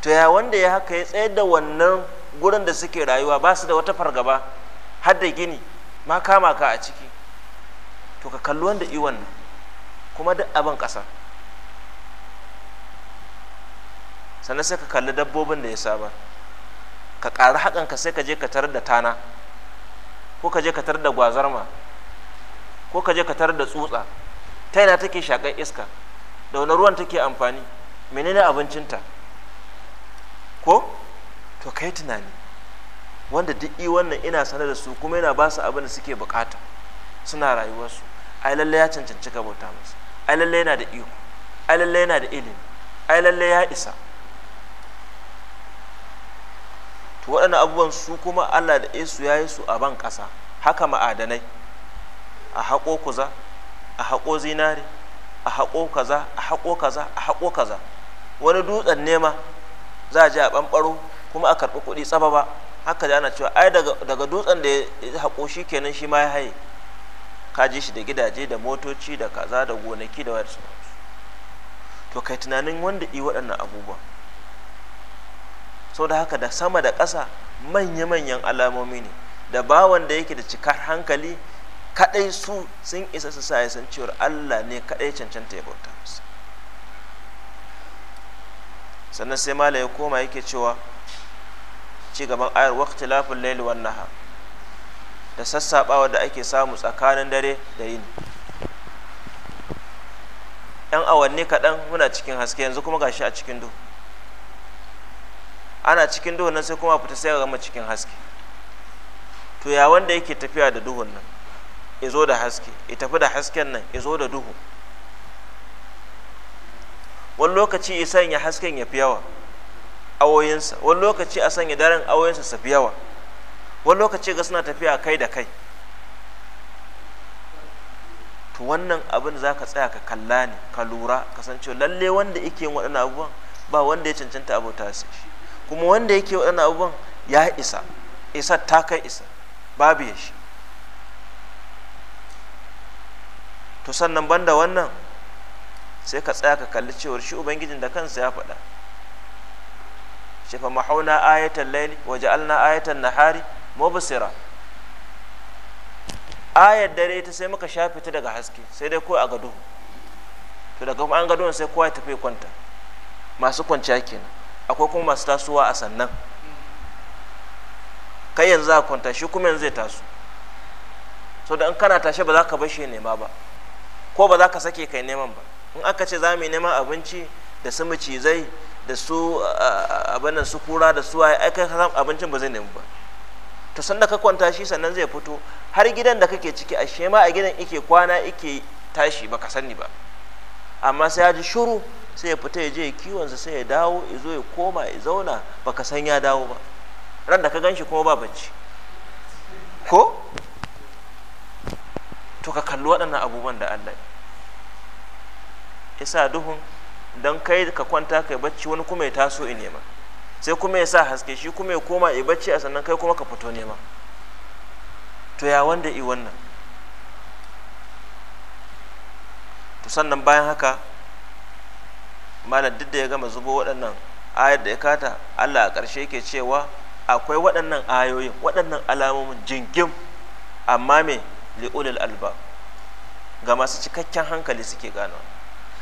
to ya wanda ya haka ya tsayar da wannan gurin da suke rayuwa ba su da wata fargaba har da gini ma kama ka a ciki to ka kalli wanda iwon nan kuma duk abin ƙasa sannan sai ka kalli dabbobin da ya saba ka ƙari ka, sai ka je ka tarar da tana ko ka je ka tarar da gwazarma ko ka je ka tarar da tsutsa ta yana take shaƙar iska da wani ruwan take amfani menene abincinta ko to kai tunani wanda duk i wannan ina sanar da su kuma yana ba su abin da suke bukata suna rayuwarsu ai lallai ya cancanci gabata masu ai lallai yana da iko ai lallai yana da ilimi ai lallai ya isa to waɗannan abubuwan su kuma allah da isu ya yi su a ban ƙasa haka ma'adanai a haƙo kuza a haƙo zinare a haƙo kaza a haƙo kaza a haƙo kaza wani dutsen nema za a je a ɓanɓaro kuma a karɓi kuɗi tsaba ba haka da ana cewa ai daga dutsen da ya haƙo shi kenan shi ma ya haye ka ji shi da gidaje da motoci da kaza da gonaki da wasu to kai tunanin wanda i waɗannan abubuwa. sau da haka da sama da ƙasa manya-manyan alamomi ne da bawan da yake da cikar hankali kaɗai su sun isa su sa san cewar Allah ne kaɗai cancanta ya bauta musu sannan sai mala ya koma yake cewa ci gaban ayar waqtilafin laili wan da sassaɓawa da ake samu tsakanin dare da yini yan awanni kaɗan muna cikin haske yanzu kuma gashi a cikin duhu ana cikin duhun nan sai kuma fita sai gama cikin haske to ya wanda yake tafiya da duhun nan ya zo da haske ya tafi da hasken nan ya zo da duhu wani lokaci ya sanya hasken ya fi yawa awoyinsa wani lokaci a sanya daren awoyinsa su fi yawa wani lokaci ga suna tafiya kai da kai to wannan abin za ka tsaya ka kalla ne ka lura kasancewa lalle wanda yake yin waɗannan abubuwan ba wanda ya cancanta abota su shi kuma wanda yake waɗannan abubuwan ya isa isa ta kai isa babu ya shi to sannan banda wannan sai ka tsaya ka kalli cewar shi ubangijin da kansa ya faɗa shafa mahauna ayatan laili wa ja'alna ayatan nahari mubsira ayar dare ta sai muka shafe ta daga haske sai dai kawai a gado to daga an gado sai kowa ya tafi kwanta masu kwanciya kenan akwai kuma masu tasowa a sannan kai yanzu a kwanta shi kuma yanzu zai taso so da in kana tashe ba za ka bashi nema ba ko ba za ka sake kai neman ba in aka ce za mu yi neman abinci da su macizai da su abinan su kura da su ai kai abincin ba zai nemi ba to sanda ka kwanta shi sannan zai fito har gidan da kake ciki ashe ma a gidan ike kwana ike tashi ba ka sani ba amma sai ya ji shuru sai ya fita ya je kiwonsa sai ya dawo ya zo ya koma ya zauna baka san ya dawo ba ran da ka gan shi kuma ba bacci ko to ka kalli waɗannan abubuwan da Allah ya sa duhun don kai ka kwanta kai bacci wani kuma ya taso in nema sai kuma ya sa haske shi kuma ya koma ya bacci a sannan kai kuma ka fito nema to ya wanda i wannan to sannan bayan haka malam duk da ya gama zubo waɗannan ayar da ya kata Allah a ƙarshe yake cewa akwai waɗannan ayoyin waɗannan alamomin jingim amma me li'ulil alba ga masu cikakken hankali suke gano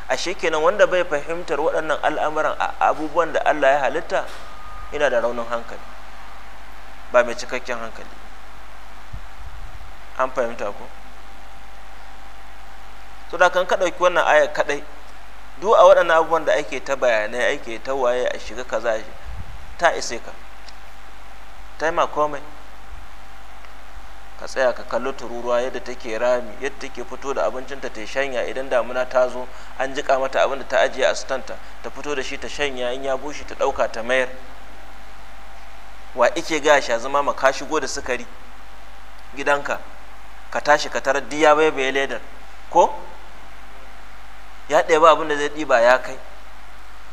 ashe kenan wanda bai fahimtar waɗannan al'amuran a abubuwan da Allah ya halitta yana da raunin hankali ba mai cikakken hankali an fahimta ko to da kan ka ɗauki wannan aya kaɗai duk a waɗannan abubuwan da ake ta bayanai ake ta waye a shiga kaza ta ise ka ta ma komai ka tsaya ka kalli tururuwa yadda take rami yadda take fito da abincinta ta shanya idan damuna ta zo an jiƙa mata abin da ta ajiye a sitanta ta fito da shi ta shanya in ya bushe ta ɗauka ta mayar wa ike ga sha zama ma ka shigo da sukari gidanka ka tashi ka tarar diya bai bai ledar ko ya ɗebi abin da zai ɗiba ya kai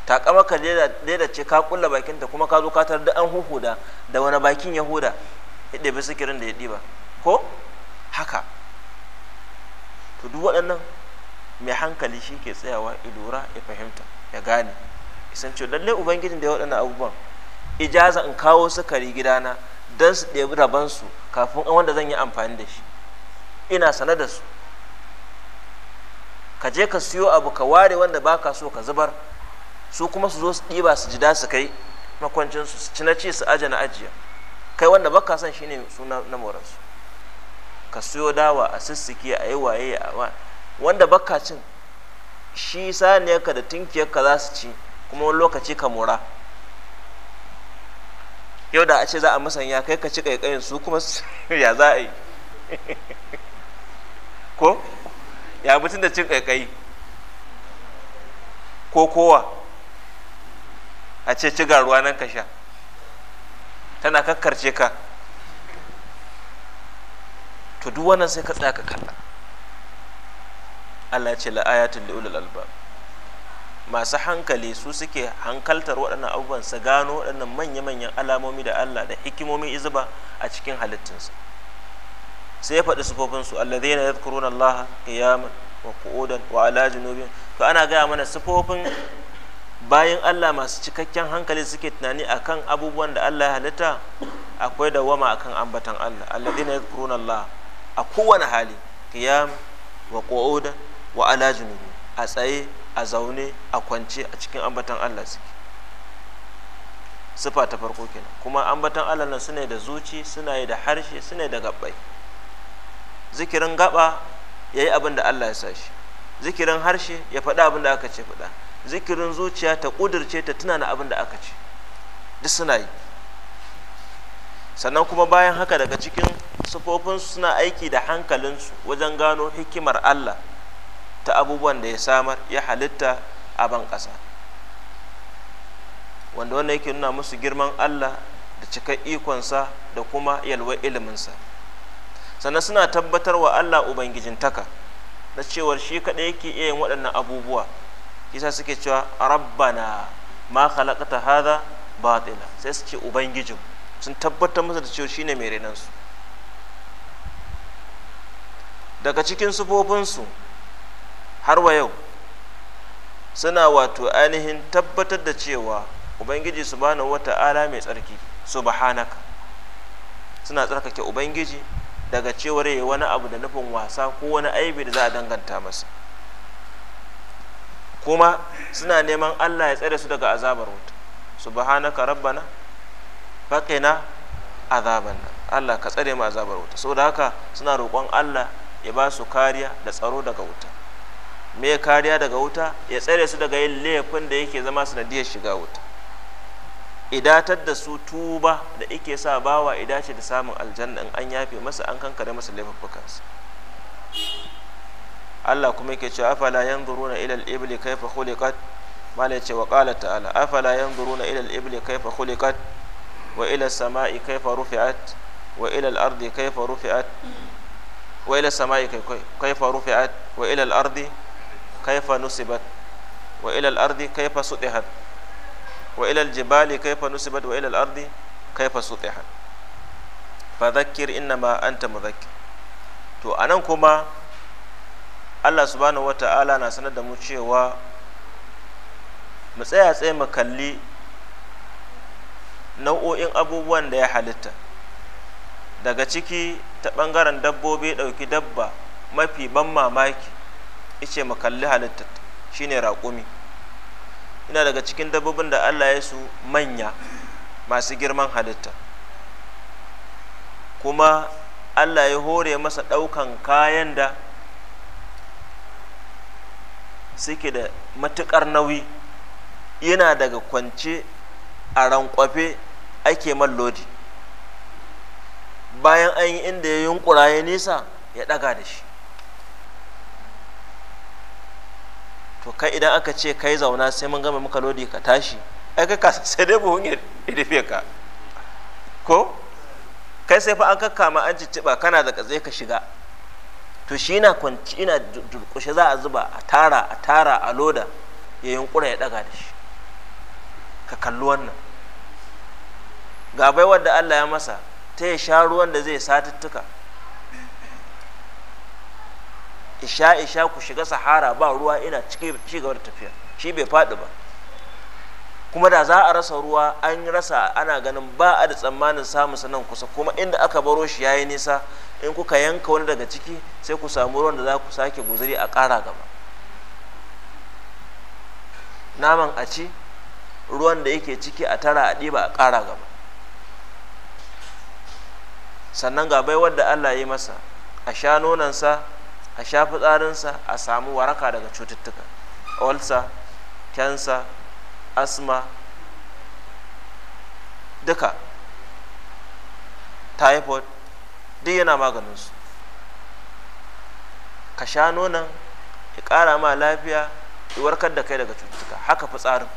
takamaka ka daida ce ka kulla bakinta kuma ka zo ka tar da an huhu da wani bakin yahuda ya ɗebi sikirin da ya ɗiba ko haka to duk waɗannan mai hankali shi ke tsayawa ya lura ya fahimta ya gane isan ce lallai ubangijin da ya waɗannan abubuwan ijaza in kawo sukari gidana don su ɗebi rabansu kafin wanda zan yi amfani da shi ina sane da su ka je ka siyo abu ka ware wanda baka so ka zubar su kuma su zo su ɗiba su jida su kai makwancinsu su ci na ci su aji na ajiya kai wanda baka son shine suna na moransu ka siyo dawa a sissike a yi waye a wanda baka cin shi saniyarka da ka za su ci kuma wani lokaci ka mora yau da a ce za a musanya kai ka ci kaikayin su kuma [LAUGHS] ya za a yi [LAUGHS] ko ya mutum da cin kai ko kowa a ce ci ruwa nan ka sha tana kakkarce ka to duk wannan sai ka tsaya kalla Allah ce la'ayatul ulul albab masu hankali su suke hankaltar waɗannan abubuwan su gano waɗannan manya-manyan alamomi da Allah da hikimomin izuba a cikin halittunsa sai ya faɗi sufofin su alladhina yadhkuruna Allah qiyaman wa qu'udan wa ala junubin to ana gaya mana sufofin bayan Allah masu cikakken hankali suke tunani akan abubuwan da Allah ya halitta akwai dawama akan ambatan Allah na alladhina yadhkuruna Allah a kowane hali qiyam wa qu'udan wa ala junubin a tsaye a zaune a kwance a cikin ambatan Allah suke sufa ta farko kenan kuma ambatan Allah nan suna da zuci suna da harshe suna da gabbai zikirin gaba ya yi abin da Allah ya sa shi zikirin harshe ya faɗa abin da aka ce faɗa zikirin zuciya ta ƙudurce ta na abin da aka ce duk suna yi sannan kuma bayan haka daga cikin sufofinsu suna aiki da hankalinsu wajen gano hikimar Allah ta abubuwan da ya samar ya halitta a ban ƙasa wanda wannan yake nuna musu girman Allah da cikar ikonsa da kuma yalwar iliminsa sannan suna tabbatar wa Allah ubangijin taka na cewar shi kaɗai yake iya yin waɗannan abubuwa kisa suke cewa rabbana ma khalaqta hadha batila sai su ce ubangijin sun tabbatar masa da cewa ne mai renansu daga cikin sufofinsu har wa yau suna wato ainihin tabbatar da cewa ubangiji subhanahu wata'ala mai tsarki subhanaka suna tsarkake ubangiji daga cewar ya wani abu da nufin wasa ko wani aibi da za a danganta masa kuma suna neman allah ya tsare su daga azabar wuta subhanaka rabbana faqina azaban allah ka tsare mu azabar wuta saboda haka suna roƙon allah ya ba su kariya da tsaro daga wuta me kariya daga wuta ya tsare su daga yin laifin da yake zama sanadiyar shiga wuta idatar da su tuba da ike sa bawa idace da samun aljanna in an yafe masa an kankare masa laifukansu Allah kuma yake cewa afala yanzuruna ila al-ibli kayfa khuliqat mala yace wa qala ta'ala afala yanzuruna ila al-ibli kayfa khuliqat wa ila as-sama'i kayfa rufi'at wa ila al-ardi kayfa rufi'at wa ila as-sama'i kayfa rufi'at wa ila al-ardi kayfa nusibat wa ila al-ardi kayfa sudihat wa ilal jibali fa nusibat wa ilal ardi kaifa sutihat fadhakkir ma anta mudhakkir to anan kuma Allah subhanahu wata'ala na sanar da mu cewa mu tsaya tsaye mu kalli nau'o'in abubuwan da ya halitta daga ciki ta ɓangaren dabbobi ɗauki dabba mafi ban mamaki ice mu kalli halitta shine raƙumi ina daga cikin dabbobin da Allah ya su manya masu girman halitta kuma Allah ya hore masa ɗaukan kayan da suke da matuƙar nauyi yana daga kwance a rankwafe ake mallodi bayan an yi inda ya yunkura ya nisa ya ɗaga da shi to kai idan aka ce kai zauna sai mun gama muka lodi ka tashi ai kai ka [LAUGHS] sai dai buhun ya rufe ka ko kai sai fa an ma an cicciba kana da katse ka shiga to shi na kwanci ina durkushe za a zuba a tara a tara a loda ya yunkura ya daga da shi ka kalli wannan ga baiwar da Allah ya masa ta ya sha ruwan da zai satuttuka isha isha ku shiga sahara ba ruwa ina ci gaba da tafiya shi bai faɗi ba kuma da za a rasa ruwa an rasa ana ganin ba a da tsammanin samu sanan kusa kuma inda aka baro shi yayi nisa in kuka yanka wani daga ciki sai ku samu ruwan da za ku sake guzuri a ƙara gaba naman a ci ruwan da yake ciki a tara a ɗiba a ƙara gaba sannan ga bai wanda allah ya yi masa a sha nonansa a sha fitsarinsa a samu waraka daga cututtuka olsa kyansa asma duka typhoid duk yana maganinsu ka sha nonon ya kara ma lafiya ya warkar da kai daga cututtuka haka fitsarin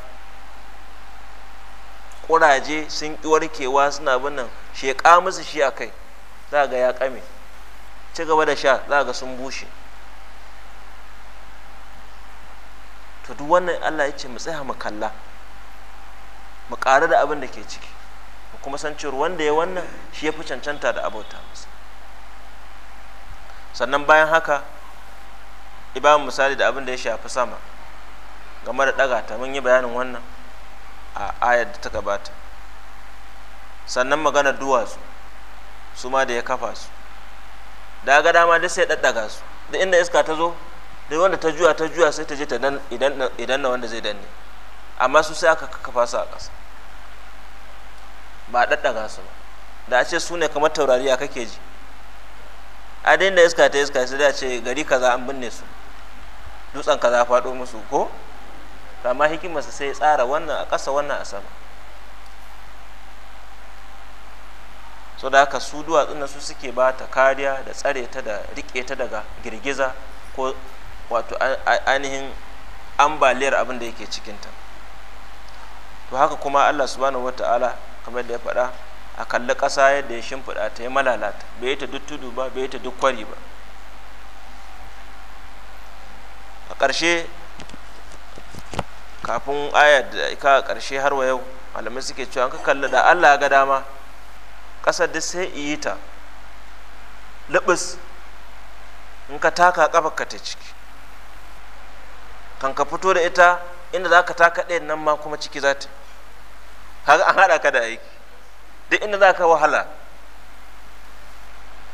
ƙuraje sun ƙi warkewa suna binnan sheka musu shi a kai za ga ya ƙame ci gaba da sha za ga sun bushe to duk wannan Allah ya ce mu tsaya mu kalla mu ƙara da abin da ke ciki mu kuma san cewa wanda ya wannan shi ya fi cancanta da abota masa sannan bayan haka ibamu misali da abin da ya shafi sama game da ɗaga ta mun yi bayanin wannan a ayar da ta gabata sannan magana duwatsu su ma da ya kafa su da ga dama da sai daddaga su da inda iska ta zo da wanda ta juya ta juya sai ta je ta dan idan idan na wanda zai danne amma su sai aka kafa su a ƙasa ba daddaga su ba da a ce su ne kamar taurari a kake ji a da iska ta iska sai da ce gari kaza an binne su dutsen kaza faɗo musu ko amma hikimarsa sai ya tsara wannan a ƙasa wannan a sama so da haka su duwatsu na su suke ba ta kariya da tsare ta da rike ta daga girgiza ko wato ainihin ambaliyar abin da yake cikinta to haka kuma allah subhanahu wata'ala kamar da ya faɗa a kalli ƙasa yadda ya shimfiɗa ta ya malalata bai yi ta duk tudu ba bai yi ta duk kwari ba a ƙarshe kafin ayar da ka ƙarshe har wa yau malamai suke cewa an ka kalli da allah ga dama ƙasar duk sai iya ta lubus in ka taka ka ta ciki kan ka fito da ita inda za ka taka ɗaya nan ma kuma ciki za ta haka an haɗa ka da aiki duk inda za ka wahala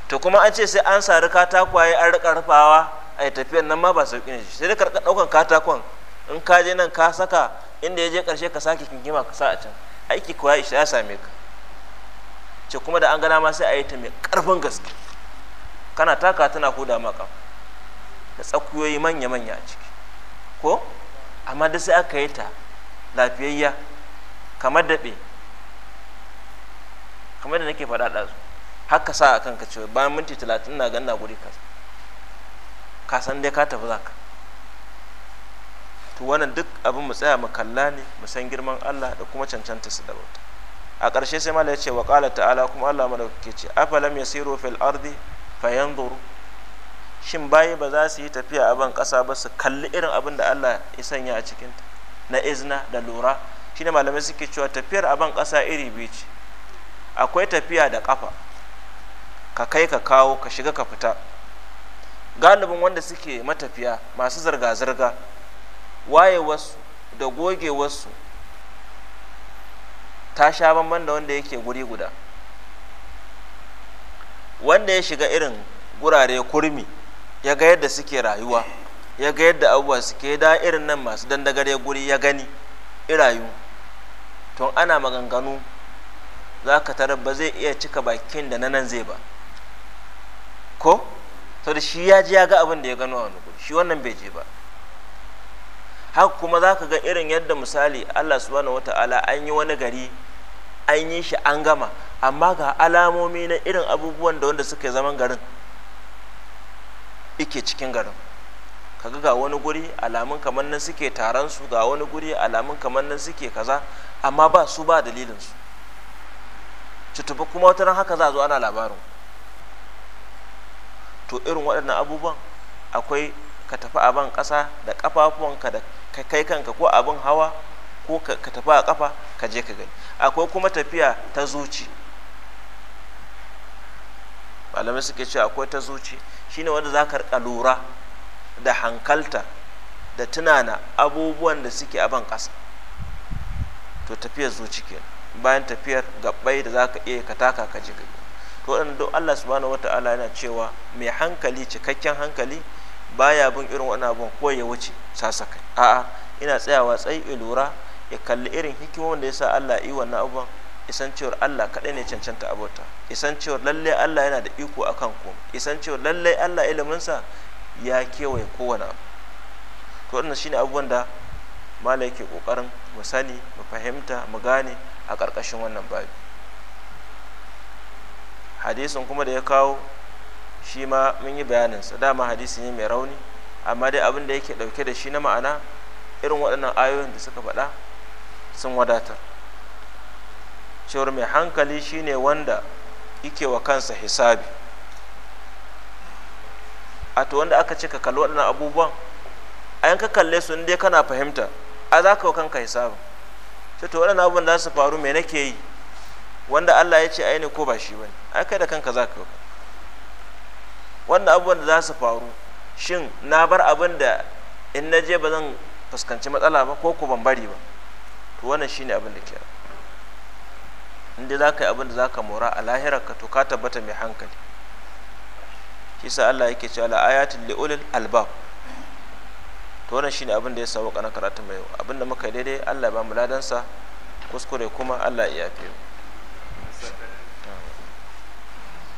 to kuma an ce sai an sari katakwaye an riƙa rufawa a yi tafiyan nan ma ba sauƙi ne sai da karɓa ɗaukan katakon in ka je nan ka saka inda ya je ƙarshe ka sake kingima ka sa a can aiki kuwa ya same ka ce kuma da an gana ma sai a yi ta mai karfin gaske kana taka tana huda maka da tsakuyoyi manya-manya a ciki ko amma da sai aka yi ta lafiyayya kamar daɓe kamar da nake faɗa ɗazu haka sa a kan ka cewa bayan minti talatin na ganna guri ka san dai ka tafi zaka to wannan duk abin mu tsaya mu kalla ne mu san girman Allah da kuma cancanta su da bauta a ƙarshe sai mala ya ce wa ƙala ta'ala kuma Allah madaukake ce afalam siro fil ardi zuru shin bayi ba za su yi tafiya a ban ƙasa ba su kalli irin abin da Allah ya sanya a cikinta na izna da lura shi ne malamai suke cewa tafiyar a ban ƙasa iri biyu ce akwai tafiya da ƙafa ka kai ka kawo ka shiga ka fita galibin wanda suke matafiya masu zirga-zirga wayewarsu da gogewarsu ta sha bamban da wanda yake guri guda wanda ya shiga irin gurare kurmi ya ga yadda suke rayuwa ya ga yadda abubuwa suke da irin nan masu dandagare guri ya gani irayu to ana maganganu za ka tarar ba zai iya cika bakin da na nan zai ba ko to da shi ya ji ya ga abin da ya gano a wani guri shi wannan bai je ba haka kuma za ka ga irin yadda misali allah subhanahu wata'ala an yi wani gari an yi shi an gama amma ga alamomi na irin abubuwan da wanda suka zaman garin ike cikin garin kaga ga wani guri alamun kamar nan suke taron su ga wani guri alamun kamar nan suke kaza amma ba su ba dalilin su kuma wata ran haka za zo ana labarin to irin waɗannan abubuwan akwai ka tafi a ban ƙasa da ƙafafuwanka da ka kai kanka ko abin hawa ko ka tafi a ƙafa ka je ka gani akwai kuma tafiya ta zuci malamai suke cewa akwai ta zuci shine wanda za ka riƙa lura da hankalta da tunana abubuwan da suke a ban ƙasa to tafiyar zuci ke bayan tafiyar gabbai da za ka iya ka taka ka je ka to waɗanda Allah subhanahu wataala yana cewa mai hankali cikakken hankali baya bin irin wani abun ko ya wuce kai a'a ina tsayawa tsayi ya lura ya kalli irin hikimomin da yasa Allah yi wannan abun isan cewar Allah kaɗai ne cancanta abota isan cewar lallai Allah yana da iko akan ku isan cewar lallai Allah iliminsa ya kewaye kowane abu to wannan shine abubuwan da mala yake kokarin mu sani mu fahimta mu gane a ƙarƙashin wannan babi hadisin kuma da ya kawo shi ma mun yi bayaninsa dama hadisi ne mai rauni amma dai abin da yake ɗauke da shi na ma'ana irin waɗannan ayoyin da suka faɗa sun wadatar cewar mai hankali shine wanda yake wa kansa hisabi a to wanda aka ce ka kalli waɗannan abubuwan a yanka kalle su dai kana fahimta a za ka wa kanka hisabi ce to waɗannan abubuwan za su faru me nake yi wanda allah ya ce aini ko ba shi ba ne ai kai da kanka za ka yi wannan abubuwan da za su faru shin na bar abin da in na je ba zan fuskanci matsala ba ko ku ban bari ba to wannan shine abin da ke inda za ka yi abin da za ka mora a lahirarka ka to ka tabbata mai hankali shi sa Allah yake cewa la ayatul liulil albab to wannan shine abin da ya sauka na karatu mai abin da muka yi daidai Allah ya ba mu ladansa kuskure kuma Allah ya yafe mu